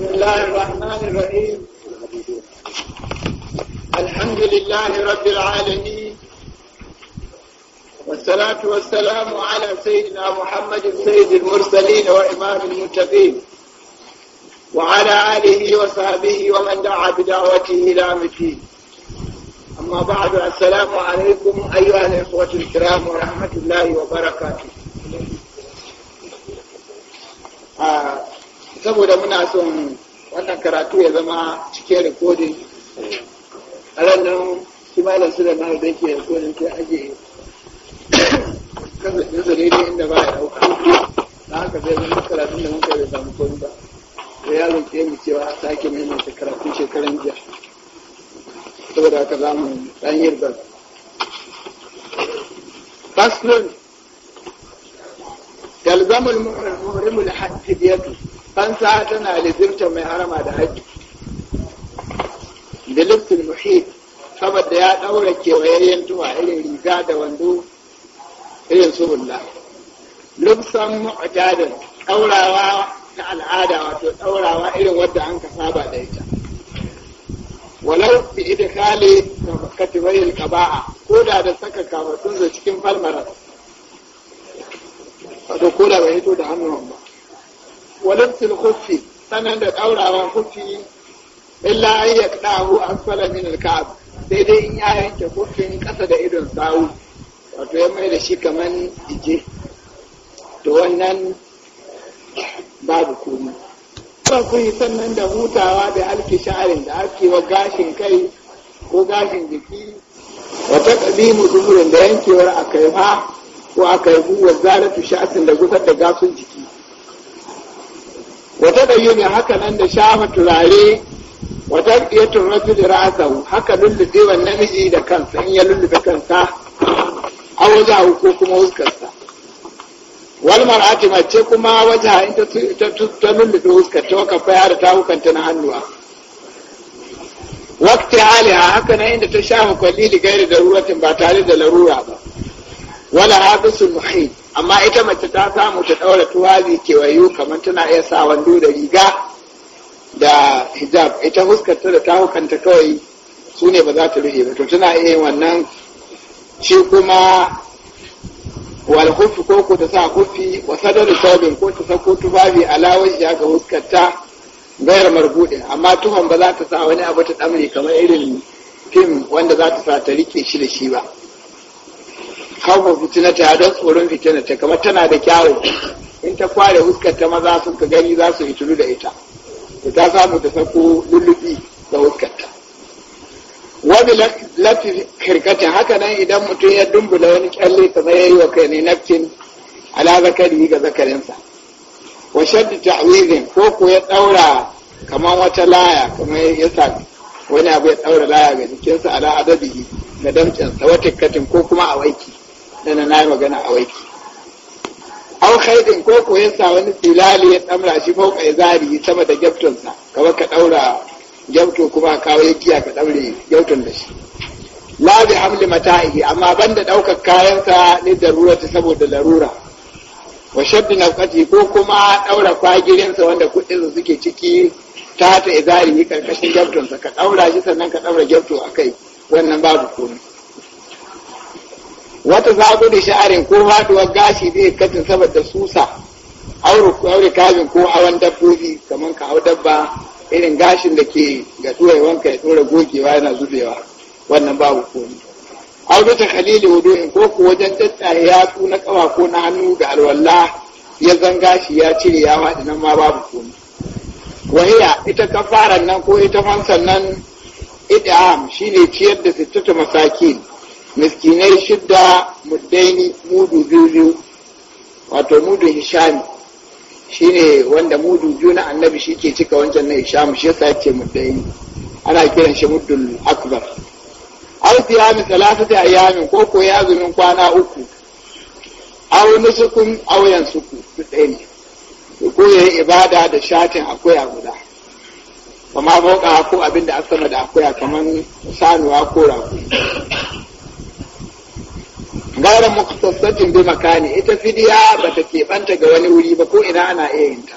بسم الله الرحمن الرحيم الحمد لله رب العالمين والصلاة والسلام على سيدنا محمد سيد المرسلين وإمام المتقين وعلى آله وصحبه ومن دعا بدعوته إلى متين أما بعد السلام عليكم أيها الإخوة الكرام ورحمة الله وبركاته آه saboda muna son wannan karatu ya zama cikin rikodin a ranar shi malam su da malam da ke rikodin sai aje kasance su daidai inda ba ya dauka na haka zai zama karatun da muka bai samu komi ba da ya roƙe mu cewa a sake maimaita karatun shekaran jiya saboda haka za mu ɗan yirgar فصل تلزم المحرم الحد بيده fansa tana lizirta mai harama da haƙƙi. da liftin muhit saboda ya ɗaura kewayayyen tuwa irin riga da wando irin su hulla lufsan mu'adadin ɗaurawa ta al'ada wato ɗaurawa irin wadda an ka saba da ita walau bi idkhali katibai al-qaba'a ko da da saka kamatun cikin falmarar. wato ko da bai hito da hannun ba walabtul khuffi sanan da daurawa khuffi illa an yaqdahu asfala min al-ka'b sai dai in ya yanke khuffin kasa da idon sawu wato ya mai da shi kaman ije to wannan babu komai ba kun yi sannan da hutawa da alki sharin da akewa gashin kai ko gashin jiki wata ƙabimu zuburin da yankewar akaiha ko akaifu wa zaratu sha'atin da gusar da gasun jiki wata bayyana haka nan da shafa turare wata ya turmatu da ra'asahu haka lullube wa namiji da kansa in ya lullube kansa a wajen hukun kuma huskarsa wani mar'ati mace kuma wajen in ta lullube huskar ta waka faya da ta hukanta na hannuwa wakti a haka nan inda ta shafa kwalli da gairi da ruratin ba tare da larura ba wala hadisul muhimmi amma ita mace ta samu ta ɗaura tuwazi kewayu kamar tana iya sa wando da riga da hijab ita huskarta da tahukanta kawai su ne ba za ta rufe ba to tana iya yin wannan shi kuma wal hufi ko ku ta sa hufi wa sadar saubin ko ta sako tufafi alawar ya ga huskarta gayar marbuɗe amma tuhon ba za ta sa wani abu ta ɗamri kamar irin fim wanda za ta sa ta rike shi da shi ba kawo fitina ta don tsoron fitina ta kamar tana da kyawu in ta kware huskar ta maza sun ka gani za su hitulu da ita da ta samu ta sako lullubi da huskar ta wani lafi karkata haka nan idan mutum ya dumbula wani kyalle ta zai yi wa kai ne nafkin ala zakari ga zakarinsa wa shaddu ta'wizin ko ko ya daura kamar wata laya kamar ya sami wani abu ya ɗaura laya ga jikinsa ala adabihi ga damcinsa wata katin ko kuma a waiki dana na yi magana a waiki au khaidin ko ko ya sa wani silali ya tsamra shi ko kai zari sama da gyaftonsa kamar ka daura gyafto kuma kawo ya giya ka daure gyafton da shi la bi hamli mata'ihi amma banda daukar kayansa ne darurata saboda larura wa shaddi nafqati ko kuma daura sa wanda kudin suke ciki ta ta izari karkashin gyaftonsa ka ɗaura shi sannan ka daura gyafto akai wannan babu komai wata zagu da sha'arin ko faduwar gashi zai katin saboda susa aure kajin ko hawan dabbobi kamar ka hau dabba irin gashin da ke ga wanka ya tsora gogewa yana zubewa wannan babu komi aure ta khalili in ko ku wajen tattaye yatsu na kawa ko na hannu ga alwala ya zan gashi ya cire ya faɗi nan ma babu komi wahiya ita kafaran nan ko ita fansan nan idam shine ciyar da sittata masakin miskinai shidda muddaini mudu biyu wato mudu hishami shine wanda mudu biyu na annabi shi ke cika wancan na hisham shi yasa ce muddaini ana kiran shi muddul akbar aw tiyami salatati ayami ko ko ya zumin kwana uku aw nusukun aw yansuku su ko ya yi ibada da shatin akuya guda kuma bauka ko abinda da aka sama da akuya kamar sanuwa ko rago gara muktasatin bi makani ita fidiya ba ta keɓanta ga wani wuri ba ko ina ana iya yin ta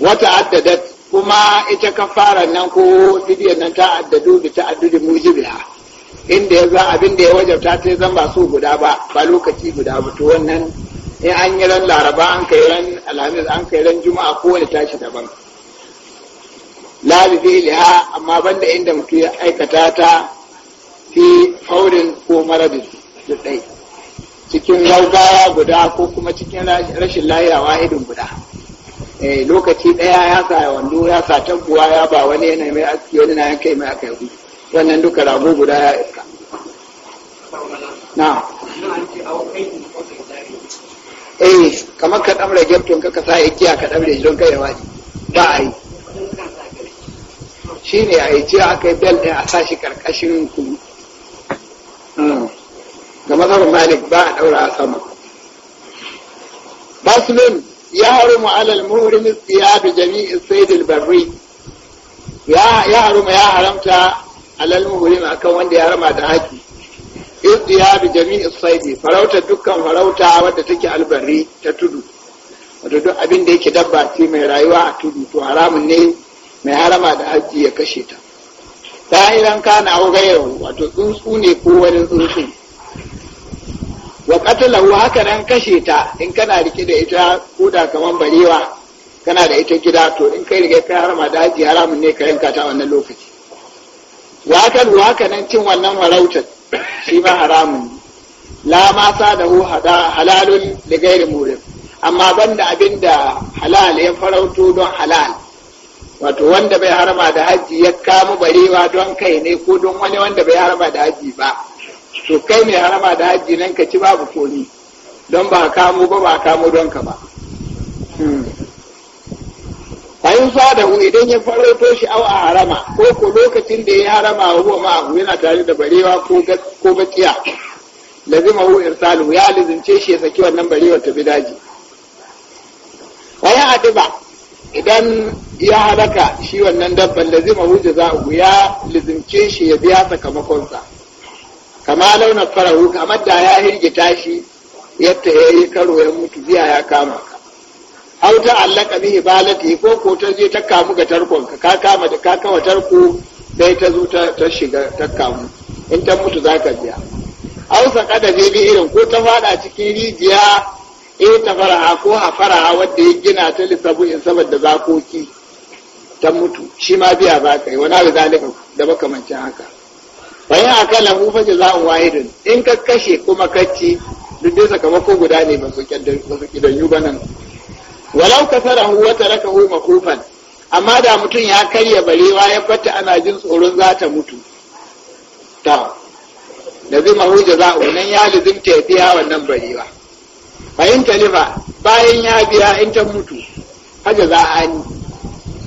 wata addadat kuma ita kafara nan ko fidiyar nan ta addadu bi ta addudi mujibiya inda ya za abin da ya wajabta ta zan ba su guda ba ba lokaci guda ba to wannan in an yi ran laraba an kai ran alhamis an kai ran juma'a ko wani tashi daban la liha, amma banda inda mutum ya aikata ta fi faurin ko maradin da cikin raugawa guda ko kuma cikin rashin lahira wahidin guda eh, lokaci ɗaya ya sa wando ya sa tabbuwa ya ba wani yana mai aski wani na yankai mai aka yi wannan duka rago guda ya iska na eh kamar ka ɗamra gyapton ka sa igiya ka ɗamra don kai ya waje ba a yi shi ne a yi ce aka yi bel din a sashi ƙarƙashin kulu Hmm. ga mazhabin malik ba a daura a sama muslim ya harumu alal muhrim istiyadu Jami'in Saidin barri ya haru harumu ya haramta alal akan wanda ya rama da haki istiyadu jami'i saidi farauta dukkan farauta wadda take albarri ta tudu wadda duk abin da yake dabba ce mai rayuwa a tudu to haramun ne mai harama da haji ya kashe ta sa'iran kana na gairu wato tsuntsu ne ko wani tsuntsu wa wa haka nan kashe ta in kana rike da ita koda kaman barewa kana da ita gida to in kai riga kai harma daji haramun ne ka yanka ta wannan lokaci wa wa haka nan cin wannan farautar shi ma haramun la ma sa da hu halalun da gairi murin amma banda abinda halal ya farauto don halal wato wanda bai harma da haji ya kama barewa don kai ne ko don wani wanda bai harma da haji ba to kai mai harma da haji nan ka ci babu komi don ba kamo ba ba kamo don ka ba bayan hmm. sa da idan ya to shi awa a harama ko ko lokacin da ya harama huwa ma yana tare da barewa ko bakiya lazima hu irsalu ya lizince shi ya saki wannan barewa ta bi daji waya adiba idan ya halaka shi wannan dabban da zima hujja za ya lizimce shi ya biya sakamakonsa kama launa farahu kamar da ya hirgita shi yadda ya yi karo ya mutu biya ya kama ka ta allaka bihi balati ko ko ta je ta kamu ga tarkon ka ka kama da ka kama tarko dai ta zo ta shiga ta kamu in ta mutu za ka biya hausa saka irin ko ta fada cikin rijiya Eh, ta fara'a ko fara'a wadda ya gina ta lissabu in saboda zakoki ta mutu shi ma biya ba ka yi wani zalika da makamancin haka bayan a kan lahu fashe za'un wahidin in ka kashe kuma kacci duk dai sakamako guda ne ba su kidanyu ba nan walau wata raka hu makhufan amma da mutum ya karya balewa ya fata ana jin tsoron za ta mutu ta lazima hu jaza'u nan ya lazimta tafiya wannan balewa bayin talifa bayan ya biya in ta mutu haja za a ni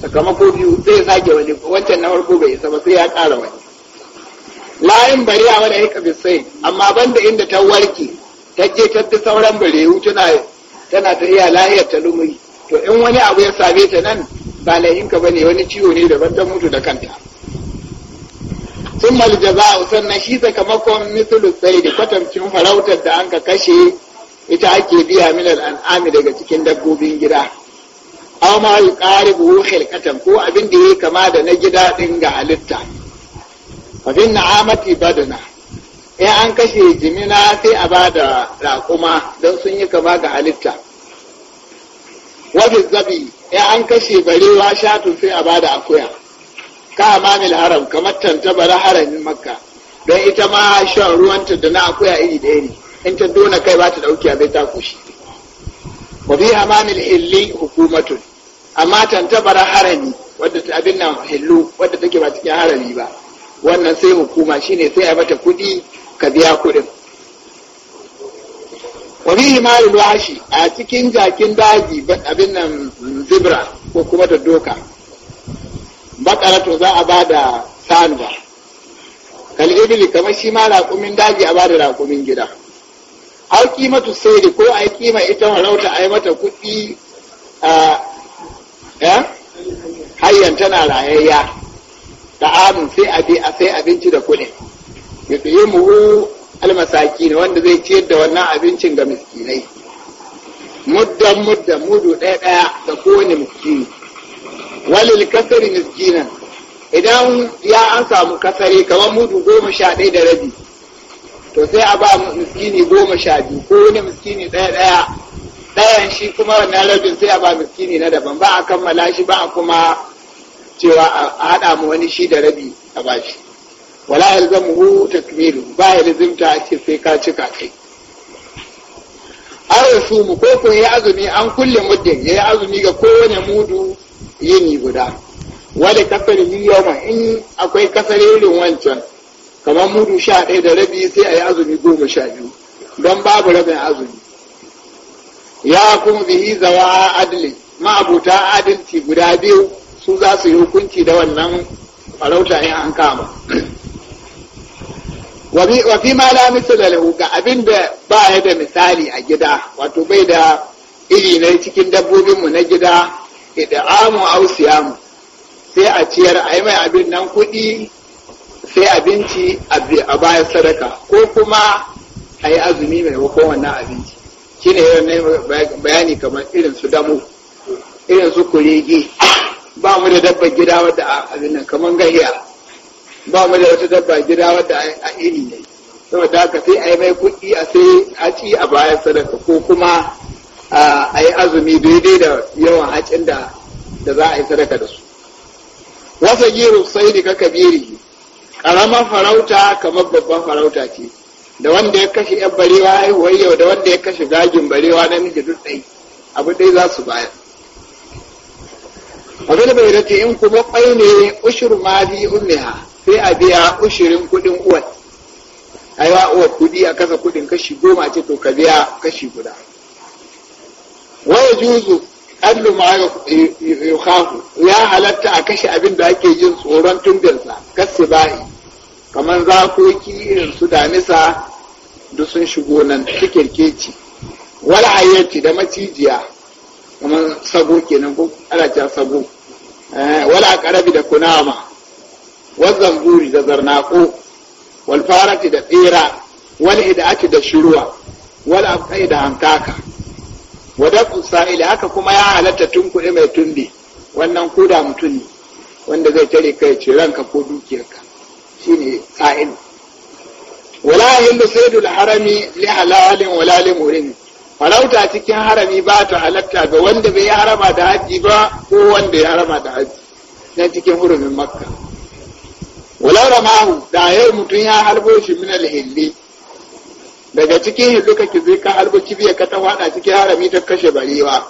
sakamako biyu zai sake wani wancan na farko bai isa ba sai ya ƙara wani layin bari a wani aika bisai amma banda inda ta warke ta je ta fi sauran barewu tana tana ta iya lahiyar ta lumuri to in wani abu ya same ta nan ba layinka ba ne wani ciwo ne daban ta mutu da kanta sun maljaza sannan shi sakamakon misalu sai da kwatancin farautar da an ka kashe ita ake biya min al'ami daga cikin dabbobin gida aw ma yuqaribu khilqatan ko abin da yake kama da na gida din ga halitta fa bin na'amati badana eh an kashe jimina sai a bada raƙuma don sun yi kama ga halitta wajen zabi in an kashe barewa shatu sai a bada akuya ka mamil haram kamar tantabar haramin makka don ita ma shan ruwanta da na akuya iri daya ne in ta dona kai ba ta dauki abin ta kushi wa bi hamamil hilli hukumatun amma tantabara harami wadda abin nan hillu wadda take ba cikin harami ba wannan sai hukuma shine sai a mata kudi ka biya kudin wa bi himalul washi a cikin jakin daji abin nan zibra ko kuma ta doka bakara to za a bada sanuwa kalibili kamar shi ma raƙumin daji a bada raƙumin gida au kimatu saidi ko ai kima ita farauta ai mata kuɗi a ya hayyan tana rayayya Da amin sai bi a sai abinci da muhu almasaki ne wanda zai ciyar da wannan abincin ga miskinai muddan muddan mudu ɗaya ɗaya da kowane miskini walil kasari miskinan idan ya an samu kasari kamar mudu goma sha ɗaya da rabi to sai a ba miskini goma sha biyu ko wani miskini ɗaya ɗaya ɗayan shi kuma wannan rabin sai a ba miskini na daban ba a kammala shi ba a kuma cewa a haɗa mu wani shi da rabi a ba shi. wala yalzamuhu takmilu ba ya lazimta a ce sai ka cika kai an rasu mu ko kun yi azumi an kulle muddin ya yi azumi ga kowane mudu yini guda wani kasar yi yau in akwai kasar wancan kamar mudu sha ɗaya da rabi sai a yi azumi goma sha biyu don babu rabin azumi ya kuma bihi zawa adalin ma'abuta adalci guda biyu su za su yi hukunci da wannan farauta in an kama wa fi ma la misala lahu ga abin da ba ya da misali a gida wato bai da iri na cikin dabbobinmu na gida amu aw siyamu sai a ciyar a yi mai abin nan kuɗi sai abinci a bayan sadaka ko kuma a yi azumi mai maimakon wannan abinci shi ne bayani kamar irin su damu irin su kurege ba mu da dabba gida wadda a abin nan kamar gariya ba mu da wata dabba gida wadda a iri ne saboda haka sai a yi mai kuɗi a sai a ci a bayan sadaka ko kuma a yi azumi daidai da yawan hacin da za a yi sadaka da su wasa giru sai ka kabiri karamar farauta kamar babban farauta ce da wanda ya kashe yan barewa haihuwar yau da wanda ya kashe gagin barewa na miji duk ɗai abu ɗai za su bayar abin bai rage in kuma ƙwai ne ushur ma bi sai a biya ushirin kuɗin uwar aiwa uwar kuɗi a kasa kuɗin kashi goma ce to ka biya kashi guda waya juzu allu ma ya halatta a kashe abin da ake jin tsoron tumbinsa kasibahi kamar zakoki irin su damisa duk sun shigo nan cikin keci wala ayyati da macijiya kamar sabo kenan ko ana cewa sabo eh, wala karabi da kunama wazan zamburi da zarnako wal farati da tsira wal hidaki da shiruwa wal afkai da hankaka wadda sa'ili haka kuma ya halatta tun kuɗi mai tunde wannan koda mutum ne wanda zai tare kai ce ranka ko dukiyarka shine sa'in wala yahillu saydul harami li halalin wala li murin farauta cikin harami ba ta halatta ga wanda bai harama da haji ba ko wanda ya harama da haji na cikin hurumin makka wala ramahu da yau mutum ya harbo shi min alhilli daga cikin hillu ka zai ka ki biya ka ta wada cikin harami ta kashe barewa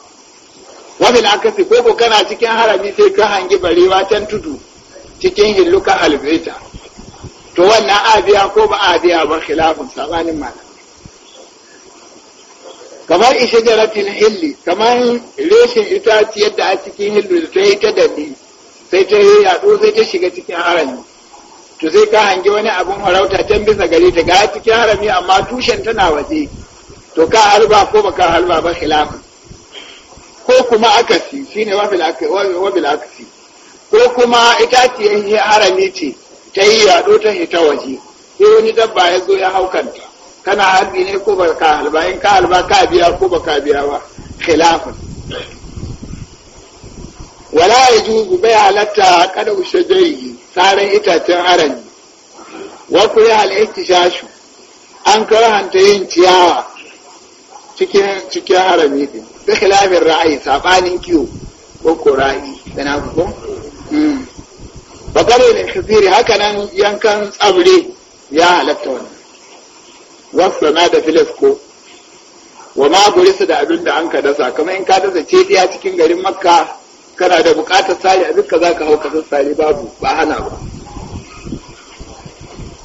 wani na kasi ko kana cikin harami sai ka hangi barewa can tudu cikin hillu ka halbe to wannan a biya ko ba a ba khilafin sabanin malamai kamar ratin hilli kamar reshin itaciyar da a cikin hillu da ta yi ta dadi sai ta yi yaɗo sai ta shiga cikin harami to sai ka hangi wani abin harauta can bisa gare ta ga cikin harami amma tushen tana waje to ka halba ko baka halba ba khilafa ko kuma akasi shine wabil akasi ko kuma itaciyar harami ce ta yi yaɗo ta hita waje sai wani dabba ya zo ya haukanta kana harbi ne ko baka halba in ka halba ka biya ko baka biya ba khilafin wala yajuzu bai halatta kada ushajari tsarin itacen arani wa ya halitta shashu? an karhanta yin ciyawa cikin cikin harami din da khilafin ra'ayi sabanin kiwo ko ra'ayi da na ko hmm. Bakar ne kafiri haka nan yankan tsabre, ya halatta wannan wasu na da filasko wa ma su da abin da an ka dasa kamar in ka dasa ce ɗaya cikin garin makka kana da bukatar sari a duka za ka hau kasar sari babu ba hana ba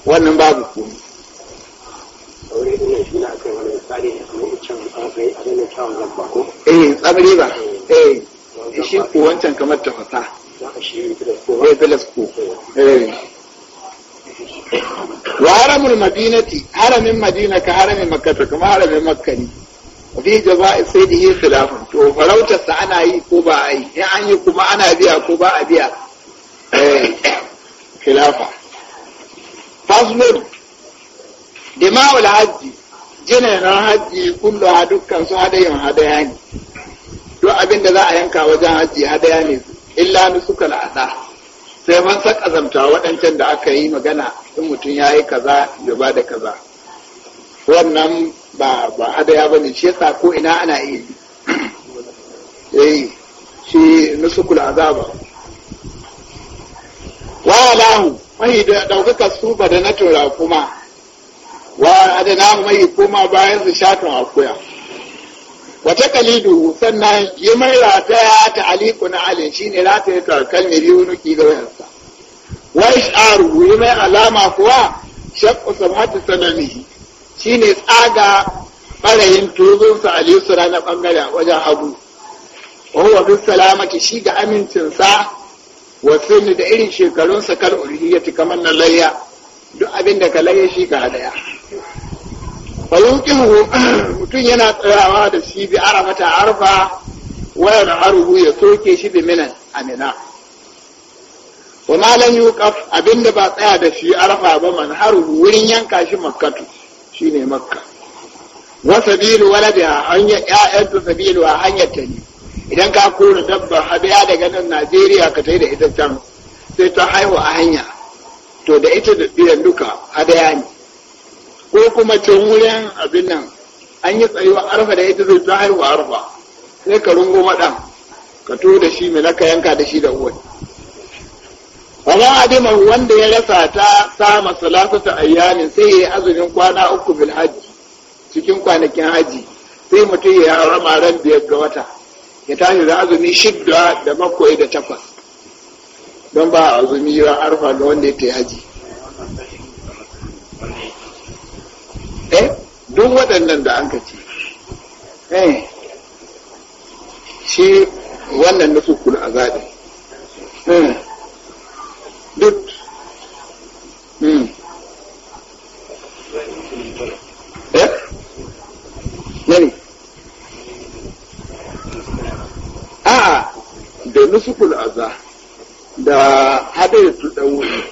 wannan babu ko eh tsamri ba eh. eh shi ko wancan kamar tafasa wai bilasko eh. wa haramul madinati haramin madina ka haramin makkata kuma haramin makka ne fi jaza sai da to farautar ana yi ko ba yi in an kuma ana biya ko ba a biya eh. khilafa fasmur dima'ul hajji jinanan hajji kullu dukkan su hadayin hadaya ne duk abin da za a yanka wajen hajji hadaya ne illa ni suka la'ada sai man sa kazamta waɗancan da aka yi magana in mutum ya yi kaza ya ba da kaza wannan ba ba adaya ba ne shi yasa ko ina ana iya yi eh, shi nusukul azaba wa lahu mai da daukaka su ba da na tura kuma wa adana mai kuma bayan su shatun akuya wata kalidu sannan yi mai rataya ta aliku na alin shi ne ya ta kalmi biyu nuki ga wayarsa wai sha'aru yi mai alama kuwa shakku samatu sanani shi ne tsaga ɓarayin tuzunsa a lisura na ɓangare wajen hagu wa fi salamaki shi ga amincinsa wasu ne da irin shekarunsa kar urhiyati kamar na layya duk abin da ka layya shi ka hadaya fayuqihu mutum yana tsayawa da shi bi ta arfa wayar aruhu ya soke shi da minan amina wa malan yuqaf abinda ba tsaya da shi arfa ba man harhu wurin yanka shi makkatu shine makka wa sabilu waladiha hanya ya'atu sabilu a hanyar ta ne idan ka kore dabba habiya daga nan Najeriya ka tai da ita can sai ta haihu a hanya to da ita da duka hadaya ne ko kuma can wurin abin nan an yi tsayuwa arfa da ita zai ta haihuwa arfa sai ka rungo maɗan ka to da shi mai ka yanka da shi da uwani wala adima wanda ya rasa ta sama ta ayyamin sai ya yi azumin kwana uku bil hajji cikin kwanakin hajji sai mutum ya rama ran biyar ga wata ya tashi da azumi shidda da makwai da takwas don ba azumi ran arfa da wanda ya ta aji. eh duk waɗannan da an ce eh shi wannan na kula azabi eh. duk hmm. eh? Nani? A'a, da nusukul aza, da hadar su wuri,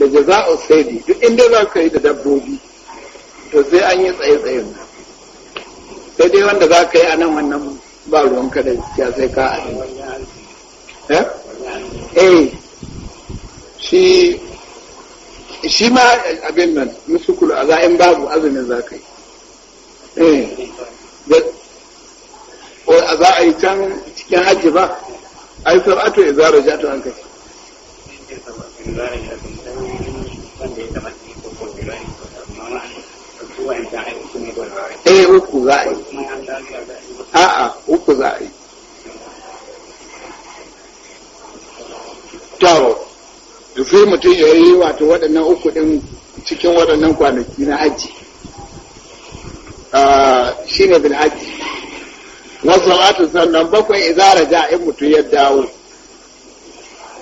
da jaza'u saidi, duk inda za ka yi da dabbobi, to sai an yi tsaye-tsayen sai dai wanda za ka yi a nan wannan ba ruwan kada ya sai ka a eh shi shi ma abin nan musukulu a za'in babu azumin za ka yi eh a za a yi can cikin hajji ba a yi sar'atu ya zara jatu an kai. eh uku za a yi a'a uku za a yi to sai mutum ya yi wato waɗannan uku ɗin cikin waɗannan kwanaki na hajji ah, shi ne bin hajji wasu salatu sannan bakwai izara ja mutum ya dawo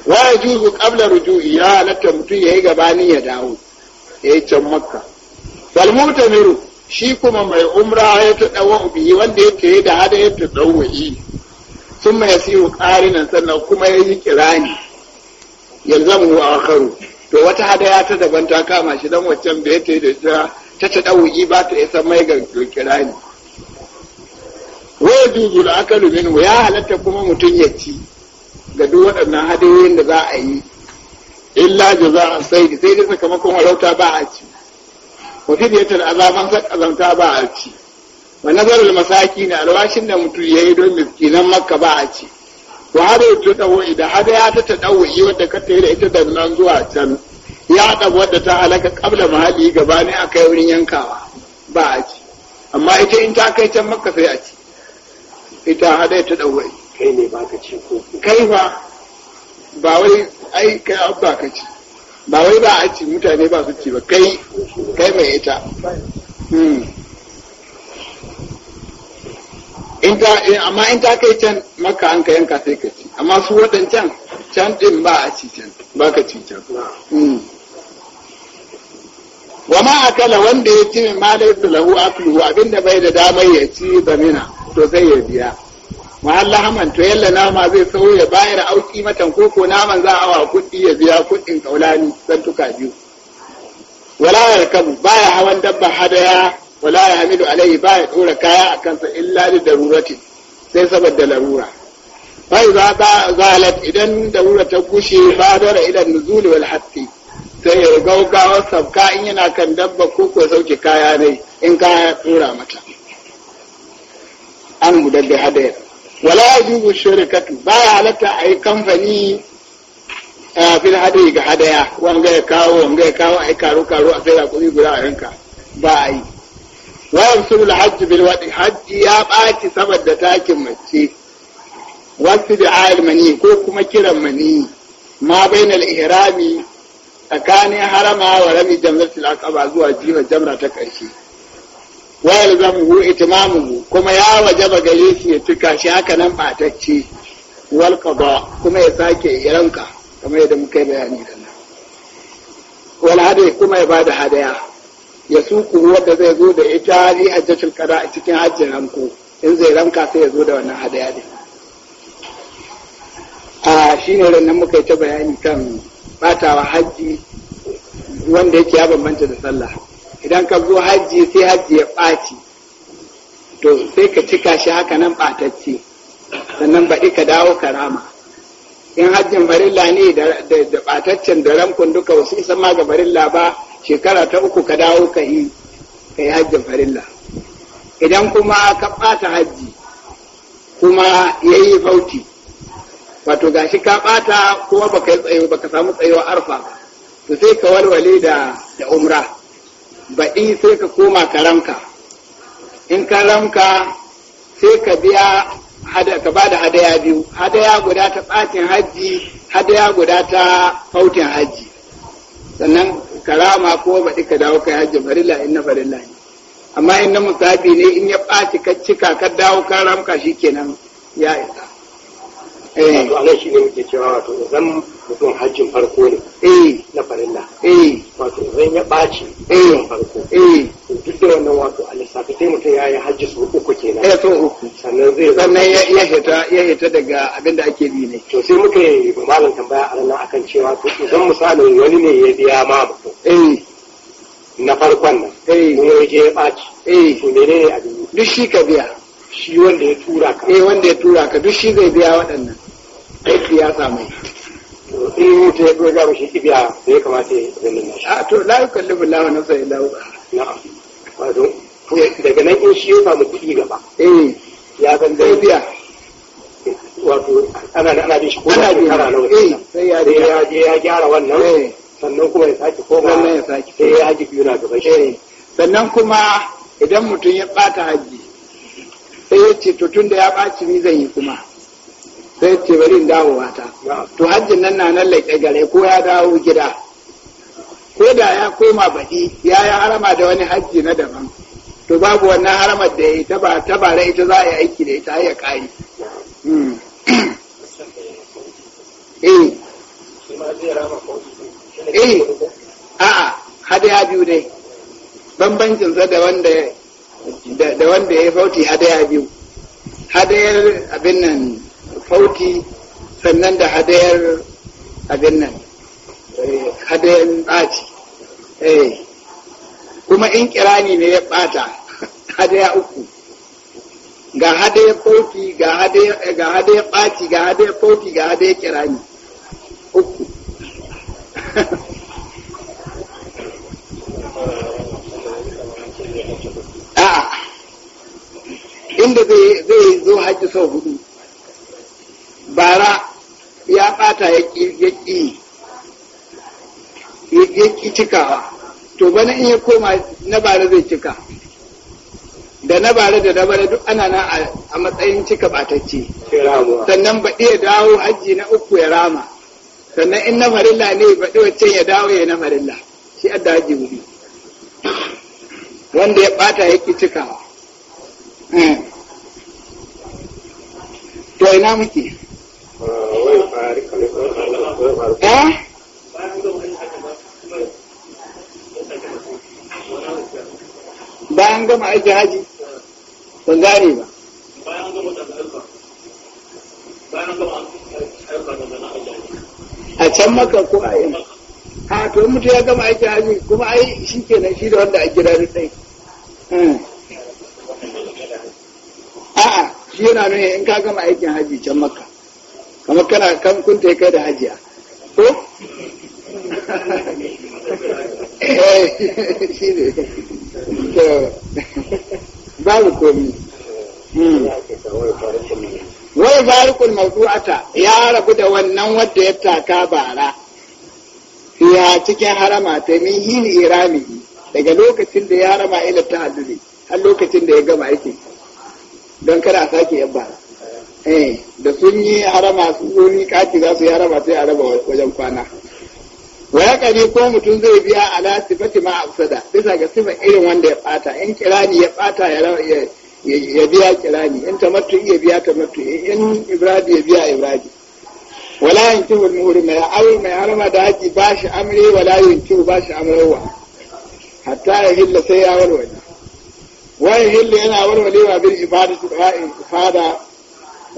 wa ya juzu ƙabla ruju'i ya halatta mutum ya yi gabanin ya dawo ya yi can makka bal mutamiru shi kuma mai umra ya tuɗa bihi wanda yake da hada ya tuɗa wa'i sun mai siyo ƙarinan sannan kuma ya yi kirani ya zama a karu to wata hadaya ta daban ta kama shi dan waccan da ya ta da ta ta ta ɗauki ba ta isa mai ga kirani waya juzu da aka min ya halatta kuma mutum ya ci ga duk waɗannan hadayoyin da za a yi illa jaza sai sai dai sakamakon walauta ba a ci ya tara azaban kan azamta ba a ci wa nazarul na alwashin da mutum ya yi don miskinan makka ba a ci wa hada ta dawo idan hada ya ta yi wadda ka tayi da ita da nan zuwa can ya da wadda ta alaka kabla mahalli gabani akai wurin yankawa ba a ci amma ita in ta kai can makka sai a ci ita hada ta dawo kai ne baka ci ko kai fa ba wai ai kai abba ka ci ba wai ba a ci mutane ba su ce ba kai kai mai ita hmm. eh, amma in ta kai can maka an ka yanka sai ka ci amma su waɗancan can ɗin ba a ci can ba ka ci can hmm. wa ma akala wanda ya ci min ma laysa lahu akluhu abinda bai da damar ya ci zamina to sai ya biya haman to yalla nama zai saho ya bayar auki matan koko naman za a wa kuɗi ya biya kuɗin kaulani tuka biyu wala yarkabu baya hawan dabba hadaya wala ya hamidu alaihi baya dora kaya a kansa illa da darurati sai saboda larura bai za ta zalat idan darura ta gushe fadara idan nuzuli wal hatti sai ya gaugawa sabka in yana kan dabba koko sauke kaya ne in kaya tsura mata an mu dabbe hadaya wala yajuzu ba ya halatta a yi kamfani a fil hadari ga hadaya wanga ya kawo wanga ya kawo a yi karo karo a sai kuɗi guda a yanka ba a yi wa yamsuru al-hajj bil wadi hajji ya ɓaci saboda takin mace wasu da ayar mani ko kuma kiran mani ma bai bainal ihrami tsakanin harama wa rami jamratul aqaba zuwa jima jamra ta ƙarshe wa yalzamuhu itmamuhu kuma ya wajaba gare shi ya cika shi haka nan ba batacce wal qada kuma ya sake ranka kuma yadda muka yi bayani da nan wal hadi kuma ya bada hadaya ya su suku wanda zai zo da ita ni hajjatul qada a cikin hajjin ranko in zai ranka sai ya zo da wannan hadaya din a shine ran muka yi ta bayani kan batawa hajji wanda yake ya bambanta da sallah idan ka zo hajji sai hajji ya ɓaci to sai ka cika shi haka nan ɓatacce sannan baɗi ka dawo karama in hajjin barilla ne da ɓataccen da ramkun duka wasu isa ma ga barilla ba shekara ta uku ka dawo ka yi ka yi hajjin barilla idan kuma ka ɓata hajji kuma ya yi fauti wato gashi ka ɓata kuma baka samu tsayo arfa to sai ka walwale da umra baɗi sai ka koma ka ramka in ka ramka sai ka biya ka ba da hadaya biyu hadaya guda ta ɓatin hajji hadaya guda ta fautin hajji sannan karama ko baɗi ka dawo kai hajji farilla in na farilla ne amma in na musabi ne in ya ɓaci ka cika ka dawo ka ramka shi kenan ya isa Eh. wato anan shi ne muke cewa wato idan mutum hajjin farko ne eh. na farilla eh. wato idan ya ɓaci hajjin farko duk da wannan wato a lissafi sai mutum ya yi hajji uku kenan ya uku sannan zai sannan ya hita ya hita daga abin da ake bi ne to sai muka malam tambaya a ranar akan cewa to idan misalin wani ne ya biya ma mutum na farkon nan je ya ɓaci to menene abin duk shi ka biya shi wanda ya tura ka eh wanda ya tura ka duk shi zai biya waɗannan aiki ya samu in mutu ya da ya kamata ya A to kalli Wato daga nan in shi ya samu kuɗi gaba. Eh. Ya san zai biya. Wato ana da ana shi ko da eh, Sai ya je ya gyara wannan. Eh. Sannan kuma ya sake ya sake. Sai ya ji biyu na gaba shi. Eh. Sannan kuma idan mutum ya ɓata haji sai ya ce to tun da ya ɓaci ni zan yi kuma. sai ce bari in dawo to hajjin nan na nan laƙe gare ko ya dawo gida ko da ya koma baɗi ya yi harama da wani hajji na daban to babu wannan haramar da ya ta ba ta bara ita za a yi aiki da ita ya ƙari hmm. eh, eh. hadaya biyu ne bambancin sa da wanda da wanda ya fauti hadaya biyu hadayar abin nan fauki sannan da hadayar abin nan eh, hadayar ɓaci eh, kuma in kirani ne ya ɓata hadaya uku ga hadaya fauki ga hadaya ɓaci eh, ga hadaya fauki ga hadaya kirani uku inda zai zo hajji sau hudu ya ki cikawa to bana in ya koma na bara zai cika da na bara da na bara duk ana na a matsayin cika batacce sannan baɗi ya dawo hajji na uku ya rama sannan in na farilla ne baɗi wacce ya dawo ya na farilla shi adda hajji wuri wanda ya ɓata ya ki cikawa hmm. to ina muke ah, eh bayan gama aiki haji ban gane ba a can maka ko a yin a to mutu ya gama aikin haji kuma ai shi kenan shi da wanda a gida da ɗai hmm. a'a shi yana nuna in ka gama aikin haji can maka kamar kana kan kunta kai da hajiya ko shi ne wai farikul mawdu'ata ya rabu da wannan wadda ya taka bara ya cikin harama ta min irami daga lokacin da ya rama ila ta haddudi har lokacin da ya gama aiki don kada a sake yan bara da sun yi harama sun zo ni kaci za su yi harama sai a raba wajen kwana wa ya kari ko mutum zai biya ala sifati ma afsada bisa ga sifa irin wanda ya bata in kirani ya bata ya ya biya kirani in tamattu ya biya tamattu in ibradi ya biya ibradi wala yankihu al-muhrim mai aure mai harma da haji bashi amri wala yankihu bashi amrawa hatta ya hilla sai ya walwali wani hilla yana walwalewa bil ibadatu da ifada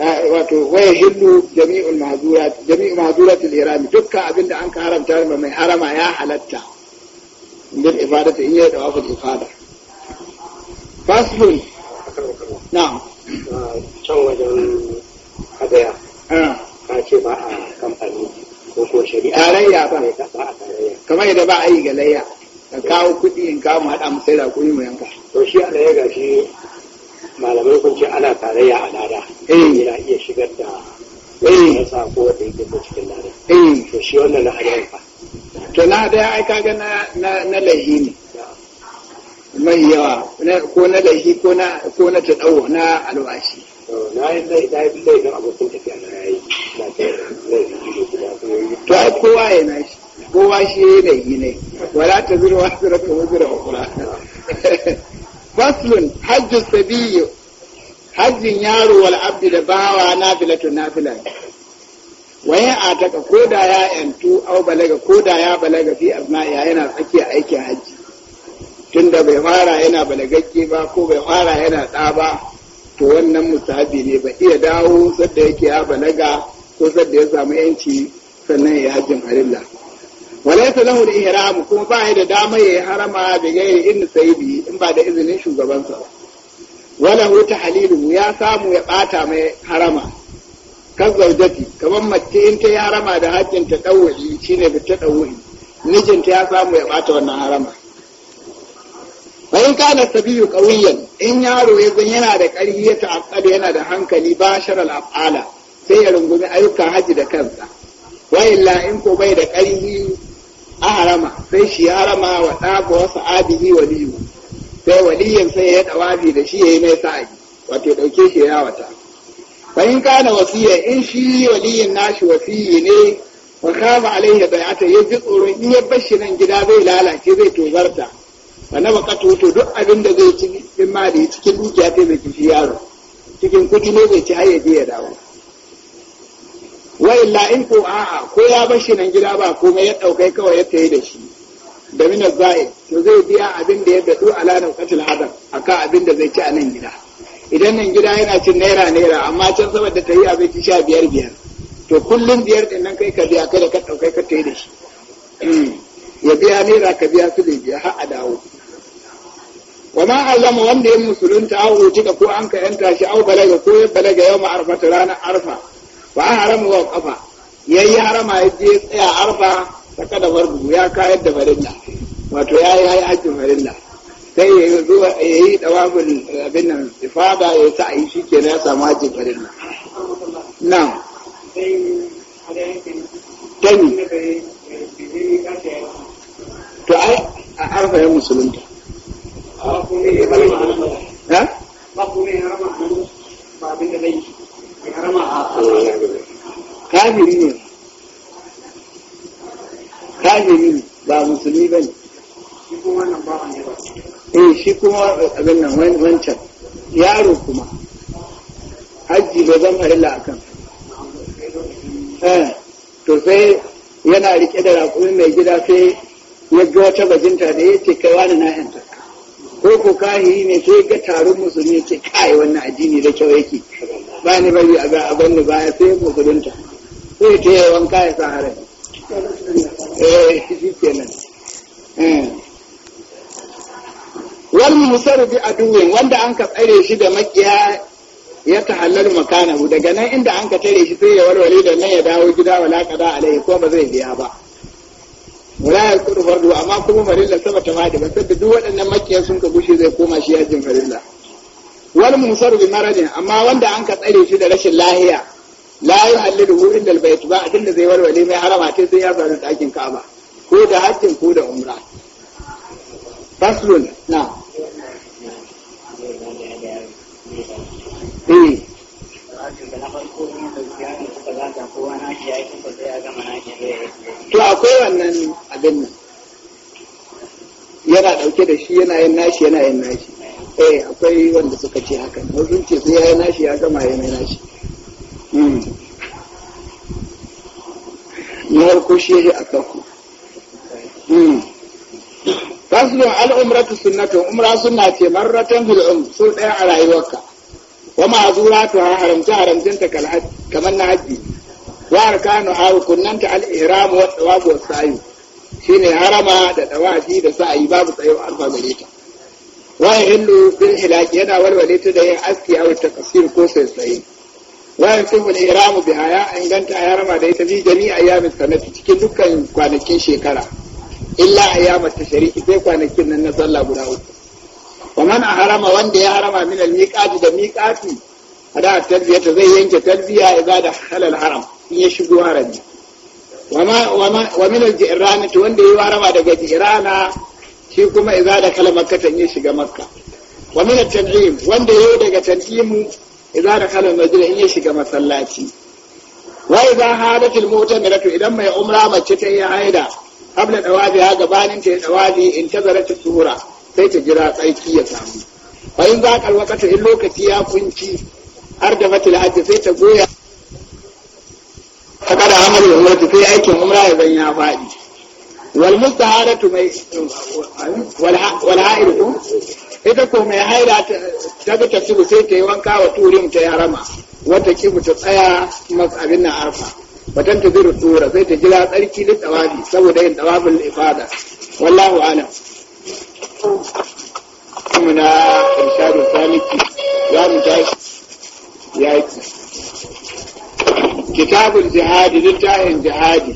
wato waya hillu jami'ul mahdurat jami'ul mahdurat al dukkan abinda an ka haramta ma mai harama ya halatta indil ifadatu in yayi ifada na'am can wajen hadaya ka ce ba a kamfani ko ko shari'a tarayya ba kamar yadda ba a yi galayya ka kawo kuɗi in kawo mu haɗa mu sai da kuɗi mu yanka to shi a ga shi malamai kun ce ana tarayya a lada eh. yana iya shigar da wani eh. sako wanda yake ko cikin lada eh. to shi wannan na hanyar fa to na daya ai kaga na na lahi ne mai yawa ko na lahi ko na ko na tadawo na alwashi na yi lai da yi lai da abokin tafiya na yayi na ta yi to kowa ya na shi kowa shi ya yi lahi ne wala ta zira wasu raka wasu raka faslun hajjus sabiyyu hajjin yaro wal abdi da bawa nafilatun nafila wayan a taka koda ya yantu au balaga koda ya balaga fi asna'iya yana tsakiya aikin hajji tunda bai fara yana balagagge ba ko bai fara yana ɗa ba to wannan musabi ne ba iya dawo sadda yake ya balaga ko sadda ya samu yanci sannan ya hajjin harilla walaysa lahu al-ihram kuma ba da dama ya harama da gairi in sayyidi in ba da izinin shugabansa ba wala hu tahlilu ya samu ya bata mai harama kan zaujati kamar mace in ta harama da hakkin ta dawwali shine da ta dawwali mijinta ya samu ya bata wannan harama in kana sabiyu qawiyan in yaro ya zan yana da ƙarfi ya ta'aqqada yana da hankali bashar al-af'ala sai ya rungumi ayyukan haji da kansa wa illa in ko bai da ƙarfi aharama sai shi ya harama wa ɗago wasu abihi waliyu sai waliyin sai ya ɗawabi da shi ya yi mai yi wato ɗauke shi ya wata bayan kana wasiya in shi waliyin nashi wasiyi ne wa kama alaihi bai'ata ya ji tsoron in ya bar nan gida zai lalace zai tozarta wa na baka to duk abin da zai ci in ma da cikin dukiya ta bai ci yaro cikin kudi ne zai ci har ya je ya dawo wa'illa in ko a'a ko ya bar shi nan gida ba komai ya ɗaukai kawai ya tayi da shi da minar za'i to zai biya abin da ya daɗu a lanar katil adam a abin da zai ci a nan gida idan nan gida yana cin naira naira amma can saboda ta yi abin ci sha biyar biyar to kullum biyar din nan kai ka biya kada ka ɗaukai ka tayi da shi ya biya naira ka biya su biya har a dawo wama allama wanda ya musulunta a utika ko an ka yanta shi au balaga ko ya balaga yau ma ta ranar arfa Ba harama wa kafa yayi harama ya je tsaya arfa ta kada wargu. ya kayar da farilla wato yi hayi hajjin farilla sai ya zuwa ya yi dawabin eh, abin nan ifada ya ta yi shi kenan ya samu farilla na tani to ai a arfa ya musulunta ba kuma ya rama ba abin da zai yi kafiri ne kafiri ne ba musulmi ba ne eh shi kuma abin nan wancan yaro kuma hajji bai zama illa a kan eh, to sai yana rike da raƙumi mai gida sai ya ga wata bajinta da ya ce kai wani na yanta ko ko kahiri ne sai ga taron musulmi ce kai wannan addini da kyau yake Bani bai bari a ga abin da baya sai musulunta sai ta yi wanka ya sa eh shi kenan eh. wal bi aduwin wanda an ka tsare shi da makiya ya ta tahallalu makanahu daga nan inda an ka tare shi sai ya warware da nan ya dawo gida wala kada alai ko ba zai biya ba wala ya kudu fardu amma kuma farilla sama ta madi ba sai duk waɗannan makiyan sun ka gushe zai koma shi yajin farilla wal musaru bi maradin amma wanda an ka tsare shi da rashin lahiya la yuhallilu inda albayt ba abin da zai warware mai harama ce sai ya zauna dakin Ka'aba ko da hajjin ko da umra faslun na eh to akwai wannan abin nan yana dauke da shi yana yin nashi yana yin nashi eh akwai wanda suka ce hakan sun ce sai ya yi nashi ya gama ya yi nashi hmm. na harko shi a kanku tasirin hmm. al'umratu sunnatun umra sunna ce marratan bil'um so ɗaya a rayuwarka wa zura ta haramta haramcinta kamar na hajji wa arkanu haru kunnanta al'ihramu wa tsawabu wa sayu shine harama da dawaji da sa'ayi babu tsayo alfa gare ta Wayan yahillu bil hilaki yana walwale ta da yin aski aw takasir ko sai sai wa yansifu al ihram biha ya inganta ya rama da ita bi jami'a ayyamin sanati cikin dukkan kwanakin shekara illa a ayyamat tashriqi sai kwanakin nan na sallah guda uku wa man harama wanda ya harama min al miqati da miqati ada talbiya ta zai yanke talbiya idza da halal haram in ya shigo harami wa ma wa min al jirana wanda ya harama daga jirana shi kuma idza da kala makkatan ya shiga makka wa min at-tan'im wanda yau daga tan'imu idza da kala majlis in ya shiga masallaci wa idza hadatil mu'tamiratu idan mai umra mace ta yi haida qabla dawabi ha gabanin ta dawabi in tazarat sura sai ta jira tsaiki ya samu fa in za ka wakata in lokaci ya kunci har da matil hajji sai ta goya ta kada amal ya umra sai aikin umra ya zan ya faɗi wal mustaharatu mai wal ha'iru ita ko mai haira ta bi sai ta yi wanka wa turin ta yi harama wata kibu ta tsaya mas abin na arfa watan ta zuru tura sai ta jira tsarki da tsawabi saboda yin tsawabin ifada wallahu jihadi littafin jihadi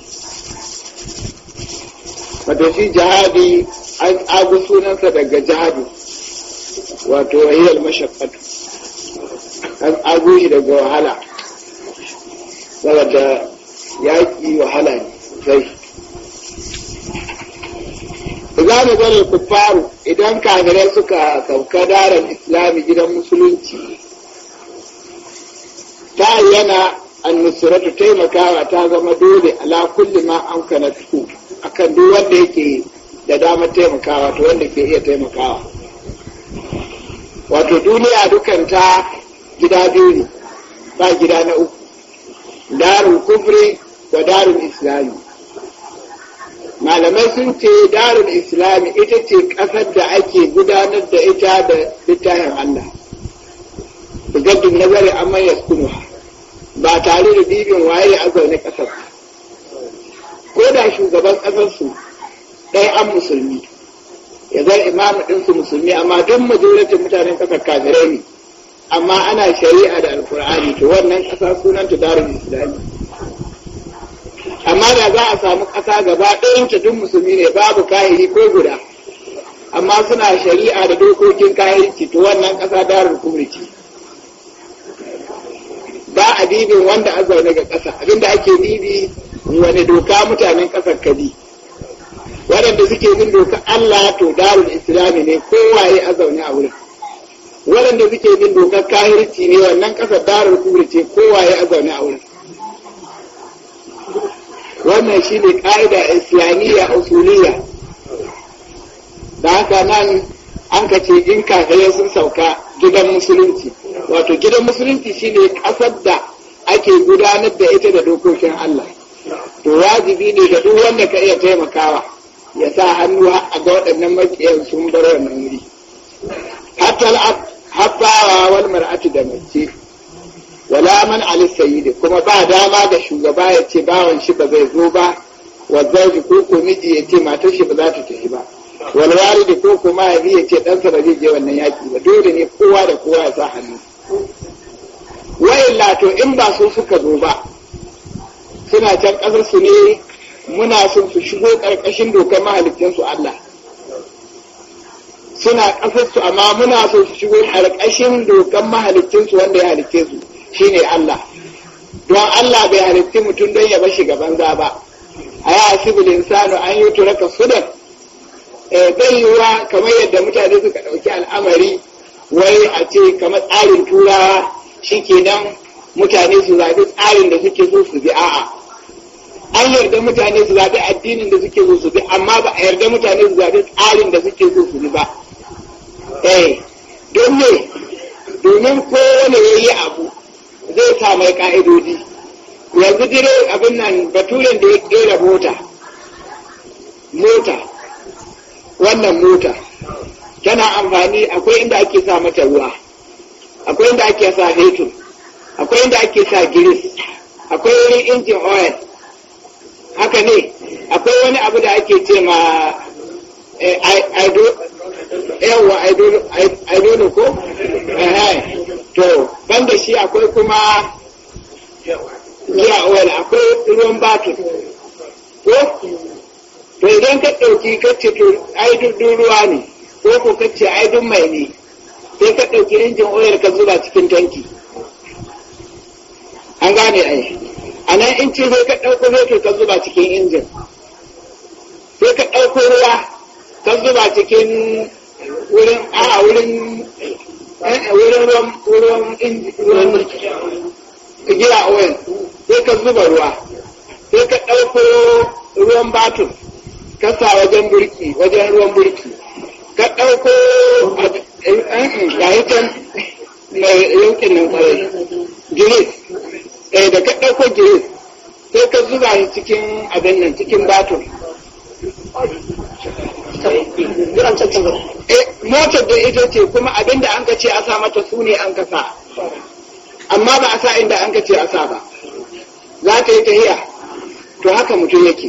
wato shi jihadi an agu sunansa daga jihadu wato wahiyar mashakkatu an agu shi daga wahala saboda yaƙi wahala ne zai za mu ku faru idan kafirai suka sauka daren islami gidan musulunci ta yana annusuratu taimakawa ta zama dole ala kulli ma kana tuku akan duk wanda yake da damar taimakawa to wanda ke iya taimakawa wato duniya dukanta gida biyu ne ba gida na uku Darin kufri da darin islami malamai sun ce darin islami ita ce ƙasar da ake gudanar da ita da littafin allah da gaddin nazari amma ya ba tare da bibin waye a zaune ƙasar ko da shugaban ƙasarsu ɗaya an musulmi ya zan imamu ɗinsu musulmi amma duk majalatin mutanen ƙasar kafirai ne amma ana shari'a da alkur'ani to wannan ƙasa sunanta darul islami amma da za a samu ƙasa gaba ta duk musulmi ne babu kahiri ko guda amma suna shari'a da dokokin kayayyaki, to wannan ƙasa darul kumriki ba a dibin wanda a zaune ga ƙasa abinda ake dibi wani doka mutanen ƙasar kadi waɗanda suke bin doka Allah to darul islami ne waye a zaune a wurin waɗanda suke bin doka kahirci ne wannan ƙasar darul kubri ce waye a zaune a wurin wannan shi ne ƙa'ida islamiyya usuliyya da haka nan an ka ce in kafirai sun sauka gidan musulunci wato gidan musulunci shine ƙasar da ake gudanar da ita da dokokin Allah to wajibi ne ga duk wanda ka iya taimakawa ya sa hannu a ga waɗannan maƙiyar sun bar wannan wuri hatta wal mar'atu da mace wala man Ali Sayyidi, kuma ba dama ga shugaba ya ce bawan shi ba zai zo ba wazzauji ko ko miji ya ce matar shi ba za ta tafi ba wal da ko ko mahaifi ya ce ɗansa ba zai je wannan yaƙi ba dole ne kowa da kowa ya sa hannu Wa illa to in ba su suka zo ba suna can ƙasar su ne muna son su shigo ƙarƙashin dokar mahaliccinsu Allah suna ƙasar su amma muna son su shigo ƙarƙashin dokar mahaliccinsu, wanda ya halicce su ne Allah don Allah bai halicci mutum don ya bashi gaban za ba a yi asibul sanu an yi turaka sudan zai eh, yiwuwa kamar yadda mutane suka ɗauki al'amari wai a ce kamar tsarin turawa shi kenan mutane su zaɓi tsarin da suke so su bi a'a an yarda mutane su zaɓi addinin da suke so su bi amma ba a yarda mutane su zaɓi tsarin da suke so su bi ba eh don me domin kowane ya yi abu zai sa mai ka'idodi yanzu dire abin nan baturen da ya ƙera mota mota wannan mota tana amfani akwai inda ake sa mata ruwa akwai inda ake sa fetur akwai inda ake sa giris akwai wurin injin oil haka ne akwai wani abu da ake ce ma eh, yawa idolo ko? to banda shi akwai kuma ya akwai ruwan batir ko? to idan ka ɗauki kacce to idol ruwa ne ko ko kacce aidun mai ne sai ka ɗauki injin oyar ka zuba cikin tanki an gane ai a nan inci sai ka ɗauko fetur ka zuba cikin injin sai ka ɗauko ruwa ka zuba cikin wurin a wurin eh, wurin ruwan injin gira oil sai ka zuba ruwa sai ka ɗauko ruwan batun ka sa wajen burki wajen ruwan burki ka ɗauko eh, eh, a can mai yankin nan kwarai eh da ka ɗauko gire sai ka zuba ni cikin abin nan cikin batul eh, motar da ita ce kuma abin da an ka ce a sa mata su ne an ka sa amma ba a sa inda an ka ce a sa ba za ta yi tahiya to haka mutum yake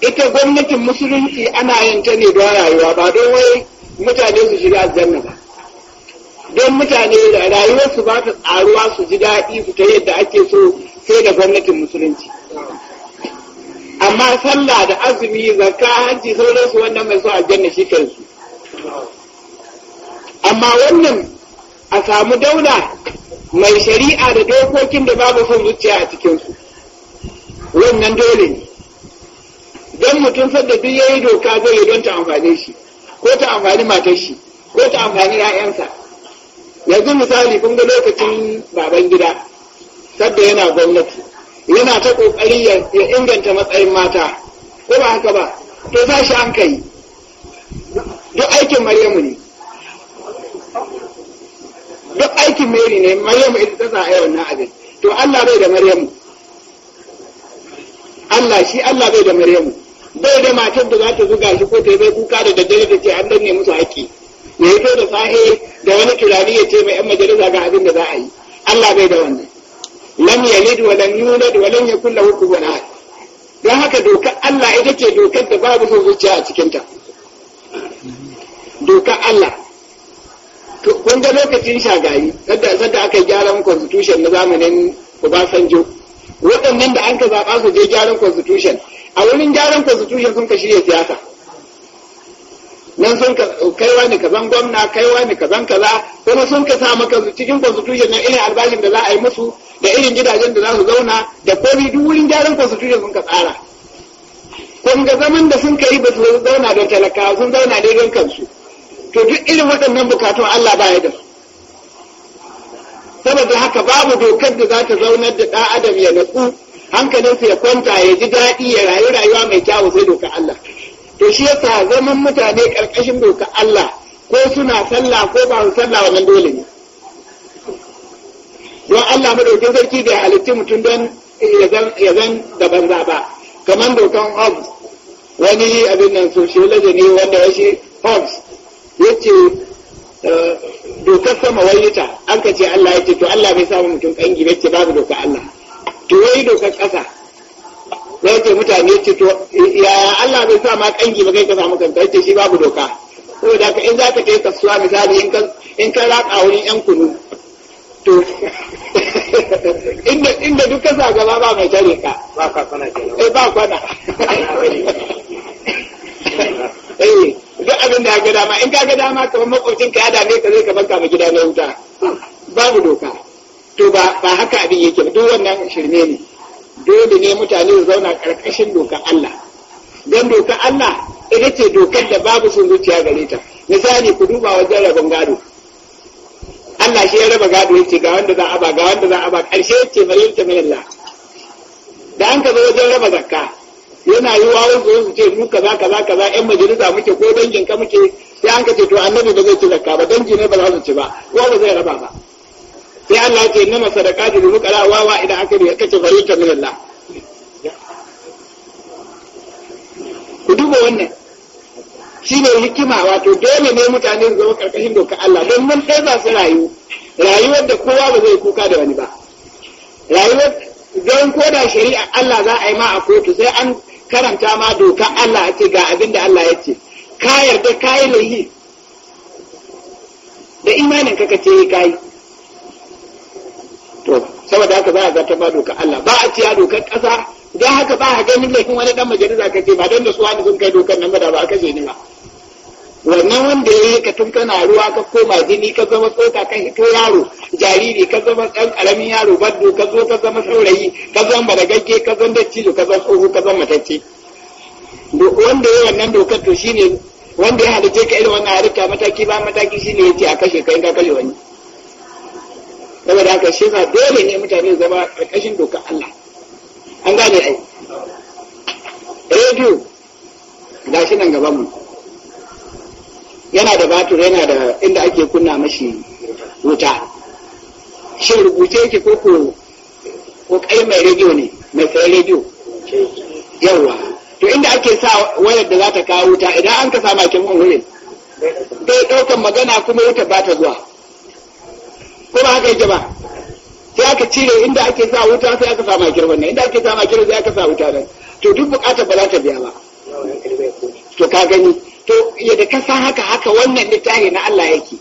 ita gwamnatin musulunci ana yin ta ne don rayuwa ba don wai mutane su shiga aljanna ba don mutane da rayuwarsu ba ta tsaruwa su ji daɗi su ta yadda ake so sai da gwamnatin musulunci amma sallah da azumi zakka hajji sauransu wannan mai so aljanna shi kansu amma wannan a samu dauna mai shari'a da dokokin da babu son zuciya a cikinsu wannan dole ne don mutum sadda duk yi doka zai yi don ta amfane shi ko ta amfani matar shi ko ta amfani 'ya'yansa yanzu misali kun ga lokacin baban gida sadda yana gwamnati yana ta kokari ya inganta matsayin mata ko ba haka ba to za shi an kai duk aikin maryamu ne duk aikin mary ne maryamu ita ta sa a wannan abin to allah bai da maryamu allah shi allah bai da maryamu bai da matar da za ta zuga shi ko ta yi bai kuka da daddare da ce an danne musu haƙƙi ya yi da sahe da wani tunani ya ce mai yan majalisa ga abin da za a yi Allah bai da wannan lam yalid wa lam yulad wa lam yakul lahu kufuwan ahad don haka dokar Allah ita ce dokar da babu son zuciya a cikin ta dokar Allah to kun ga lokacin shagayi sadda sadda aka gyaran constitution na zamanin Obasanjo waɗannan da an ka zaɓa su je gyaran constitution a wurin gyaran constitution sun ka shirya siyasa nan sun ka kaiwa ne kazan gwamna kaiwa ne kazan kaza kuma sun ka sa maka cikin constitution na irin albashin da za a yi musu da irin gidajen da za su zauna da komi duk wurin gyaran constitution sun ka tsara kun ga zaman da sun kai ba su zauna da talakawa sun zauna da don kansu to duk irin waɗannan bukatun Allah ba ya da su saboda haka babu dokar da za ta zaunar da ɗan adam ya natsu hankalinsa ya kwanta ya ji daɗi ya rayu rayuwa mai kyawu sai doka Allah to shi yasa zaman mutane ƙarƙashin doka Allah ko suna sallah ko ba su sallah wannan dole ne don Allah madaukin sarki da halitti mutum don ya zan da banza ba kamar dokan Hobbes wani abin nan sociology ne wanda ya shi Hobbes ya ce eh, dokar sama wayyuta an ka ce Allah ya to Allah bai samu mutum kangi bai ce babu dokar Allah to wai dokar ƙasa sai ce mutane ce to ya Allah bai sa ma kangi ba kai ka samu kanka yace shi babu doka saboda ka in zaka kai kasuwa misali in ka in ka raka wurin yan kunu to inda inda duk ka sa gaba ba mai tare ka ba ka kwana eh ba kwana eh duk abin da ga dama in ka ga dama kamar makocin ka ya dame ka zai ka banka ba gida na wuta babu doka to ba ba haka abin yake duk wannan shirme ne dole ne mutane su zauna ƙarƙashin dokar Allah don dokar Allah ita ce dokar da babu sun zuciya gare ta misali ku duba wajen rabon gado Allah shi ya raba gado yace ga wanda za a ba ga wanda za a ba ƙarshe yace mai yace mai Allah da an ka zo wajen raba zakka yana yi wa wanda su ce mu kaza kaza kaza ƴan majalisa muke ko dangin ka muke sai an ka ce to annabi ba zai ci zakka ba dangi ne ba za su ci ba ko ba zai raba ba sai Allah ya ce nama sadaqatu lil fuqara wa wa idan aka ya kace farita min Allah ku duba wannan shi ne hikima wato dole ne mutane su zama karkashin doka Allah don mun sai ba su rayu rayuwar da kowa ba zai kuka da wani ba rayuwar don koda shari'a Allah za a yi ma a kotu sai an karanta ma doka Allah a ce ga abin da Allah ya ce ka yarda ka yi da imanin ka ka ce ka to saboda haka za a ta ba dokar Allah ba a ciya dokar ƙasa don haka ba a ganin laifin wani dan majalisa ka ce ba don da suwa wani sun kai dokar nan ba da ba ka je ni ba wannan wanda ya yi ka tun kana ruwa ka koma jini ka zama tsoka ka hito yaro jariri ka zama ɗan ƙaramin yaro baddo ka zo ka zama saurayi ka zama baragagge ka zama dattijo ka zama tsoho ka zama matacce wanda ya wannan dokar to shine wanda ya halice ka irin wannan harika mataki ba mataki shine ya ce a kashe ka in ka kashe wani saboda haka shi sa dole ne mutane zama ƙarƙashin dokar Allah an gane ai rediyo ga shi nan gaban mu yana da batur yana da inda ake kunna mashi wuta shi rubuce yake ko ko kai mai rediyo ne mai kai rediyo yawa to inda ake sa wayar da za ta kawo wuta idan an ka sa makin wurin bai ɗaukan magana kuma wuta ba ta zuwa ko ba haka yake ba sai aka cire inda ake sa wuta sai aka sa makir wannan inda ake sa makir sai aka sa wuta nan to duk bukatar ba za ta biya ba to ka gani to yadda ka san haka haka wannan littafi na Allah yake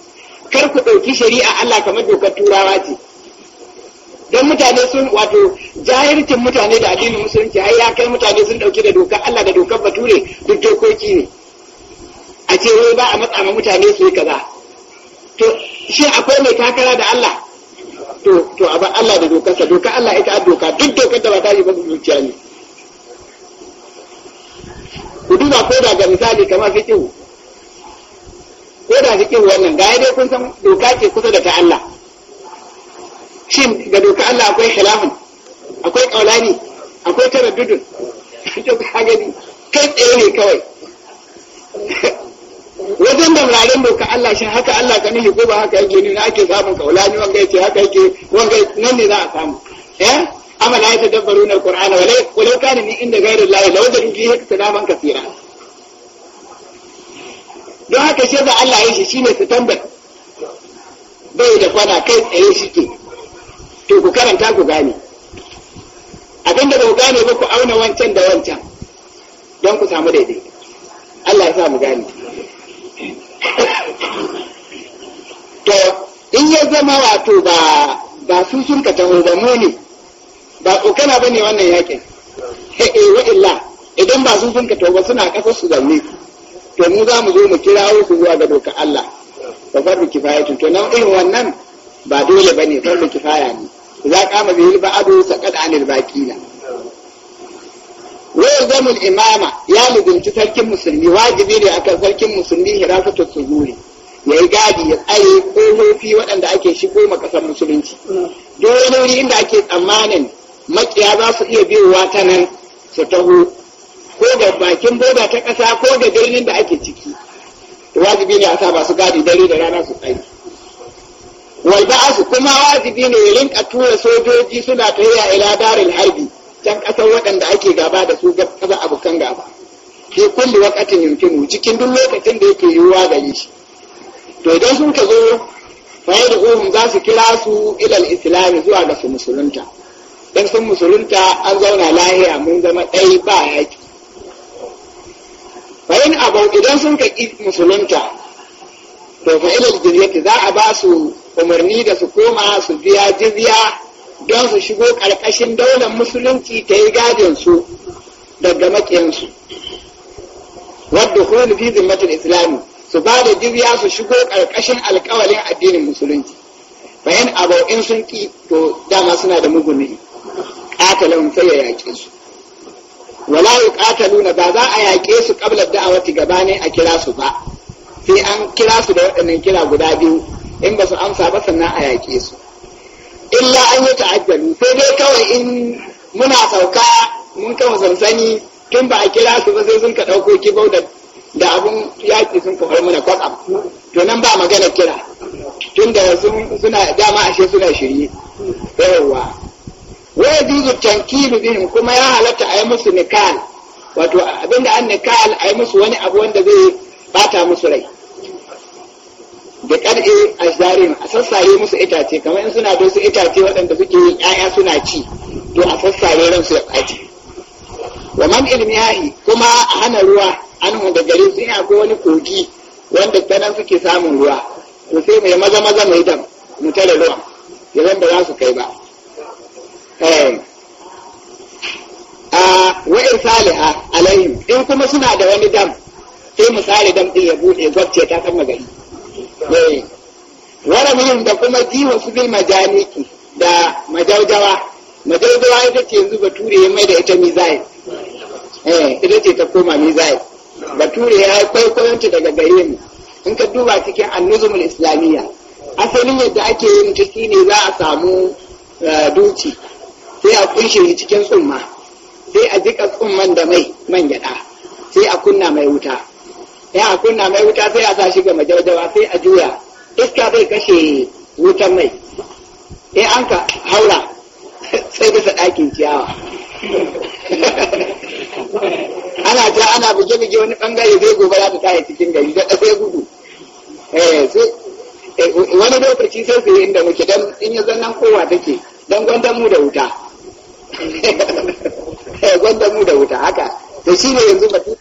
kar ku ɗauki shari'a Allah kamar dokar turawa ce don mutane sun wato jahircin mutane da addinin musulunci har ya kai mutane sun ɗauki da dokar Allah da dokar bature duk dokoki ne a ce wai ba a matsa ma mutane su yi kaza to shi akwai mai takara da Allah to to a ba Allah da dokarsa doka Allah ita a doka duk dokar da ba ta yi ba zuciya ne ku duba ko da ga misali kamar fiqhu ko da fiqhu wannan ga dai kun san doka ce kusa da ta Allah shin ga doka Allah akwai khilafin akwai kaulani akwai taraddudin to ka gani kai tsaye ne kawai wannan yaren da ka Allah shi haka Allah ka nihi ko ba haka yake ne na ake samun kaulani wanga yake haka yake wanga nan ne za a samu eh amma la yatadabbaruna alqur'ana wala wala kana ni inda ghayri allah law da inji haka tanaman kasira don haka shi da Allah yake shi shine standard bai da kwana kai tsaye ke to ku karanta ku gane abinda ba ku gane ba ku auna wancan da wancan don ku samu daidai Allah ya sa mu gane to in ya zama wato ba ba su sun ka taho ba mu ne ba tsokana ba ne wannan yakin He eh, wa illa idan ba su sun ka taho ba suna kasar su zanne to mu za mu zo mu kira su zuwa ga doka Allah ba fardu kifaya to nan irin wannan ba dole ba ne fardu kifaya ne za k'a ma kama ba abu saqad anil baqina wayar zamul imama ya lugunci sarkin musulmi wajibi ne kan sarkin musulmi hirasatu sujuri ya yi gadi ya tsaye hofi waɗanda ake shigo ma ƙasar musulunci duk wani wuri inda ake tsammanin makiya za su iya biyowa ta nan su taho ko da bakin boda ta ƙasa ko da birnin da ake ciki wajibi ne a sa su gadi dare da rana su tsaye wal ba'asu kuma wajibi ne ya rinka tura sojoji suna tafiya ila daril harbi can ƙasar waɗanda ake gaba da su kaza abokan gaba ke kulli waƙatin yumkinu cikin duk lokacin da yake yiwuwa gani. shi to idan sun ka zo da yad'uhum za su kira su ilal Islami zuwa ga su musulunta dan sun musulunta an zauna lahiya mun zama ɗai ba yaki idan sun ka musulunta to fa ilal za a ba su umarni da su koma su biya jizya don su shigo ƙarƙashin daular musulunci ta yi gadin su daga maƙiyansu wadda kuma fi zimmatul islami su ba da jirya su shigo ƙarƙashin alƙawalin addinin musulunci bayan abau sun ƙi to dama suna da ne ƙatalan sai ya yaƙe su wala yuqataluna ba za a yaƙe su qabla gaba ne a kira su ba sai an kira su da waɗannan kira guda biyu in ba su amsa ba sannan a yaƙe su illa an yi ta'ajjalu sai dai kawai in muna sauka mun kama sansani tun ba a kira su ba sai sun ka ɗauko kibau da da abun yaƙi sun kawai muna kwatsam to nan ba magana kira tun da suna dama ashe suna shirye yawwa wai juzu tankilu bihim kuma ya halatta a yi musu nikal wato abinda an nikal a yi musu wani abu wanda zai bata musu rai da a zarin a sassare musu itace kamar in suna dosu itace waɗanda suke yin ƴaƴa suna ci to a sassare ransu ya ɓaci wa man ilmiyahi kuma a hana ruwa an da gari sun ina ko wani kogi wanda ta suke samun ruwa to sai mai maza maza mai dam mu tare ruwa, ya ba za su kai ba ehm. a wa'in saliha alayhim in kuma suna da wani dam sai misali dam ɗin ya buɗe gwabce ta kan magani. Eh, waramhim da kuma jiwa su bil majaniki da majaujawa majaujawa ita ce yanzu bature ya mai da ita mizai eh ita ce ta koma mizai bature ya kwaikwayonta daga gare mu in ka duba cikin annuzumul islamiyya asalin yadda ake yin ta ne za a samu eh, duci sai a kunshe shi cikin tsumma sai a jika tsumman da mai man gyada sai a kunna mai wuta ya a kunna mai wuta sai a sa shi ga majaujawa sai a juya iska zai kashe wutan mai in an ka haura sai bisa ɗakin ciyawa ana ta ana buge-buge wani ɓangare zai gobara ta tsaye cikin gari da ɗasai gudu eh, eh, wani lokaci sai su yi inda muke don in yi zannan kowa take don gwandan mu da wuta eh, gwandan mu da wuta haka to shi ne yanzu batu